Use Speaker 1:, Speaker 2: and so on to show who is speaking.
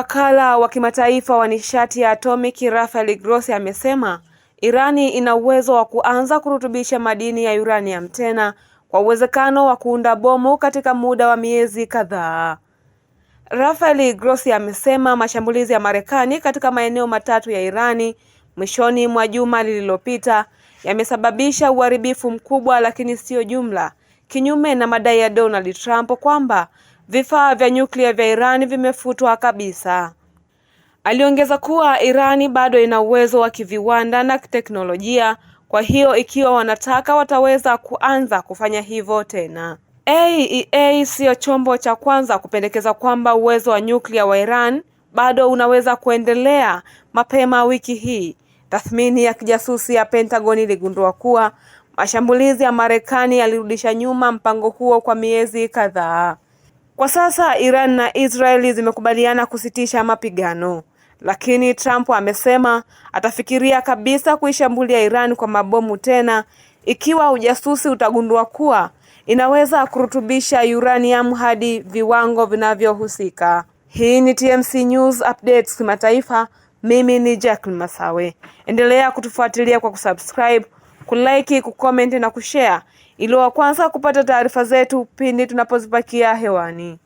Speaker 1: Wakala wa kimataifa wa nishati ya atomiki Rafael Grossi amesema Irani ina uwezo wa kuanza kurutubisha madini ya uranium tena kwa uwezekano wa kuunda bomu katika muda wa miezi kadhaa. Rafael Grossi amesema mashambulizi ya Marekani katika maeneo matatu ya Irani mwishoni mwa juma lililopita yamesababisha uharibifu mkubwa, lakini siyo jumla, kinyume na madai ya Donald Trump kwamba vifaa vya nyuklia vya Irani vimefutwa kabisa. Aliongeza kuwa Irani bado ina uwezo wa kiviwanda na teknolojia, kwa hiyo ikiwa wanataka wataweza kuanza kufanya hivyo tena. AEA e siyo chombo cha kwanza kupendekeza kwamba uwezo wa nyuklia wa Iran bado unaweza kuendelea. Mapema wiki hii, tathmini ya kijasusi ya Pentagon iligundua kuwa mashambulizi ya Marekani yalirudisha nyuma mpango huo kwa miezi kadhaa. Kwa sasa Iran na Israeli zimekubaliana kusitisha mapigano, lakini Trump amesema atafikiria kabisa kuishambulia Iran kwa mabomu tena ikiwa ujasusi utagundua kuwa inaweza kurutubisha uranium hadi viwango vinavyohusika. Hii ni TMC News Updates kimataifa. Mimi ni Jacqueline Masawe. Endelea kutufuatilia kwa kusubscribe kulike, kucomment na kushare ili wa kwanza kupata taarifa zetu pindi tunapozipakia hewani.